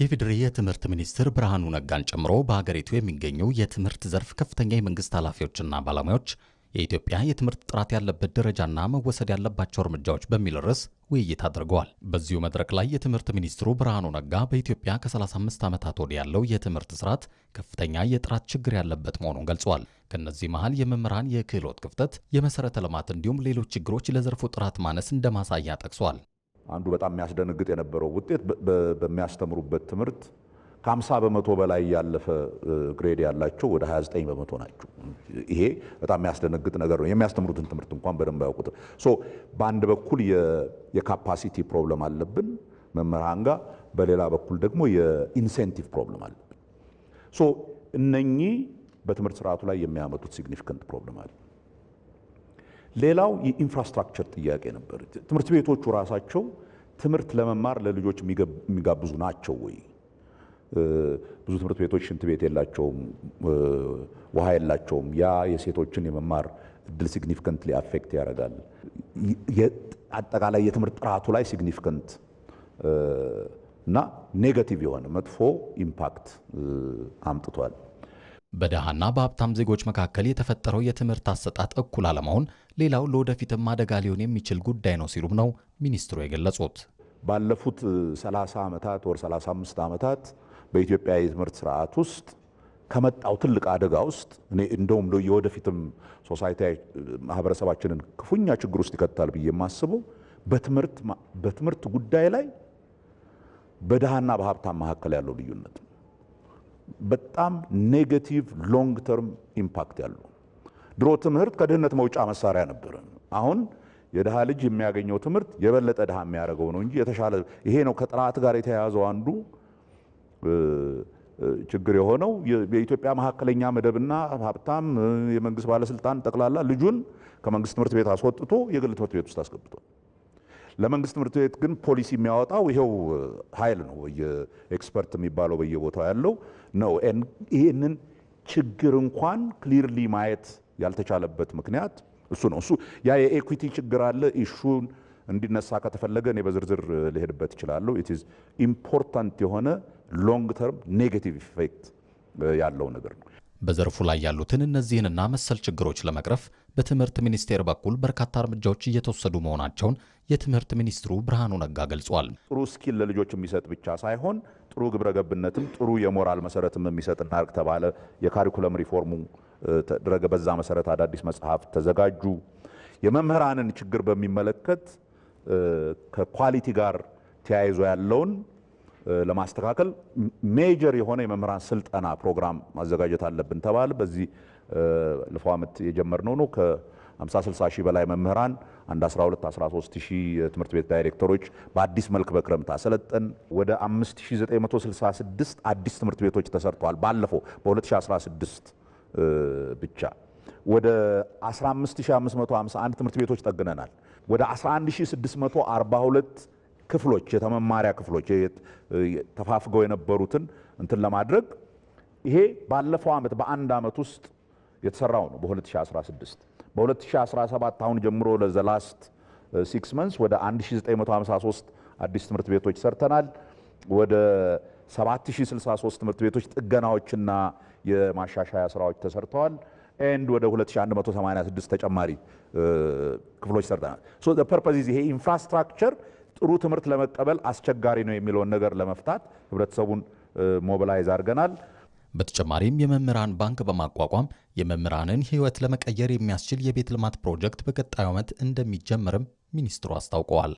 የፌዴሪ የትምህርት ሚኒስትር ብርሃኑ ነጋን ጨምሮ በሀገሪቱ የሚገኙ የትምህርት ዘርፍ ከፍተኛ የመንግስት ኃላፊዎችና ባለሙያዎች የኢትዮጵያ የትምህርት ጥራት ያለበት ደረጃና መወሰድ ያለባቸው እርምጃዎች በሚል ርዕስ ውይይት አድርገዋል። በዚሁ መድረክ ላይ የትምህርት ሚኒስትሩ ብርሃኑ ነጋ በኢትዮጵያ ከ35 ዓመታት ወዲህ ያለው የትምህርት ስርዓት ከፍተኛ የጥራት ችግር ያለበት መሆኑን ገልጿል። ከእነዚህ መሃል የመምህራን የክህሎት ክፍተት፣ የመሰረተ ልማት እንዲሁም ሌሎች ችግሮች ለዘርፉ ጥራት ማነስ እንደማሳያ ጠቅሷል። አንዱ በጣም የሚያስደነግጥ የነበረው ውጤት በሚያስተምሩበት ትምህርት ከ50 በመቶ በላይ ያለፈ ግሬድ ያላቸው ወደ 29 በመቶ ናቸው። ይሄ በጣም የሚያስደነግጥ ነገር ነው። የሚያስተምሩትን ትምህርት እንኳን በደንብ አያውቁትም። ሶ በአንድ በኩል የካፓሲቲ ፕሮብለም አለብን መምህራን ጋር፣ በሌላ በኩል ደግሞ የኢንሴንቲቭ ፕሮብለም አለብን። ሶ እነኚህ በትምህርት ስርዓቱ ላይ የሚያመጡት ሲግኒፊካንት ፕሮብለም አለ። ሌላው የኢንፍራስትራክቸር ጥያቄ ነበር። ትምህርት ቤቶቹ ራሳቸው ትምህርት ለመማር ለልጆች የሚጋብዙ ናቸው ወይ? ብዙ ትምህርት ቤቶች ሽንት ቤት የላቸውም፣ ውሃ የላቸውም። ያ የሴቶችን የመማር እድል ሲግኒፊካንት አፌክት ያደርጋል። አጠቃላይ የትምህርት ጥራቱ ላይ ሲግኒፊካንት እና ኔጋቲቭ የሆነ መጥፎ ኢምፓክት አምጥቷል። በደሃና በሀብታም ዜጎች መካከል የተፈጠረው የትምህርት አሰጣጥ እኩል አለመሆን ሌላው ለወደፊትም አደጋ ሊሆን የሚችል ጉዳይ ነው ሲሉም ነው ሚኒስትሩ የገለጹት። ባለፉት 30 ዓመታት ወር 35 ዓመታት በኢትዮጵያ የትምህርት ስርዓት ውስጥ ከመጣው ትልቅ አደጋ ውስጥ እኔ እንደውም የወደፊትም ሶሳይቲ ማህበረሰባችንን ክፉኛ ችግር ውስጥ ይከታል ብዬ የማስበው በትምህርት ጉዳይ ላይ በድሃና በሀብታም መካከል ያለው ልዩነት በጣም ኔጌቲቭ ሎንግ ተርም ኢምፓክት ያለው። ድሮ ትምህርት ከድህነት መውጫ መሳሪያ ነበር። አሁን የድሃ ልጅ የሚያገኘው ትምህርት የበለጠ ድሃ የሚያደርገው ነው እንጂ የተሻለ ይሄ ነው። ከጥራት ጋር የተያያዘው አንዱ ችግር የሆነው የኢትዮጵያ መካከለኛ መደብና ሀብታም የመንግስት ባለስልጣን ጠቅላላ ልጁን ከመንግስት ትምህርት ቤት አስወጥቶ የግል ትምህርት ቤት ውስጥ አስገብቷል። ለመንግስት ትምህርት ቤት ግን ፖሊሲ የሚያወጣው ይሄው ኃይል ነው፣ ኤክስፐርት የሚባለው በየቦታው ያለው ነው። ይህንን ችግር እንኳን ክሊርሊ ማየት ያልተቻለበት ምክንያት እሱ ነው። እሱ ያ የኤኩቲ ችግር አለ። ኢሹን እንዲነሳ ከተፈለገ እኔ በዝርዝር ልሄድበት እችላለሁ። ኢት ኢዝ ኢምፖርታንት የሆነ ሎንግ ተርም ኔጌቲቭ ኢፌክት ያለው ነገር ነው። በዘርፉ ላይ ያሉትን እነዚህንና መሰል ችግሮች ለመቅረፍ በትምህርት ሚኒስቴር በኩል በርካታ እርምጃዎች እየተወሰዱ መሆናቸውን የትምህርት ሚኒስትሩ ብርሃኑ ነጋ ገልጿል። ጥሩ ስኪል ለልጆች የሚሰጥ ብቻ ሳይሆን ጥሩ ግብረገብነትም ጥሩ የሞራል መሰረትም የሚሰጥ ርቅ ተባለ የካሪኩለም ሪፎርሙ ተደረገ። በዛ መሰረት አዳዲስ መጽሐፍ ተዘጋጁ። የመምህራንን ችግር በሚመለከት ከኳሊቲ ጋር ተያይዞ ያለውን ለማስተካከል ሜጀር የሆነ የመምህራን ስልጠና ፕሮግራም ማዘጋጀት አለብን ተባለ። በዚህ ልፎ ዓመት የጀመርነው ነው። ከ50 60 ሺህ በላይ መምህራን አንድ 12 13 ሺህ ትምህርት ቤት ዳይሬክተሮች በአዲስ መልክ በክረምት አሰለጠን። ወደ 5966 አዲስ ትምህርት ቤቶች ተሰርተዋል። ባለፈው በ2016 ብቻ ወደ 15551 ትምህርት ቤቶች ጠግነናል። ወደ 11642 ክፍሎች የተመማሪያ ክፍሎች ተፋፍገው የነበሩትን እንትን ለማድረግ ይሄ ባለፈው ዓመት በአንድ ዓመት ውስጥ የተሰራው ነው። በ2016 በ2017 አሁን ጀምሮ ለዘላስት ሲክስ መንስ ወደ 1953 አዲስ ትምህርት ቤቶች ሰርተናል። ወደ 7063 ትምህርት ቤቶች ጥገናዎችና የማሻሻያ ስራዎች ተሰርተዋል። ኤንድ ወደ 2186 ተጨማሪ ክፍሎች ሰርተናል። ፐርፐዝ ይሄ ኢንፍራስትራክቸር ጥሩ ትምህርት ለመቀበል አስቸጋሪ ነው የሚለውን ነገር ለመፍታት ህብረተሰቡን ሞቢላይዝ አድርገናል። በተጨማሪም የመምህራን ባንክ በማቋቋም የመምህራንን ህይወት ለመቀየር የሚያስችል የቤት ልማት ፕሮጀክት በቀጣዩ ዓመት እንደሚጀመርም ሚኒስትሩ አስታውቀዋል።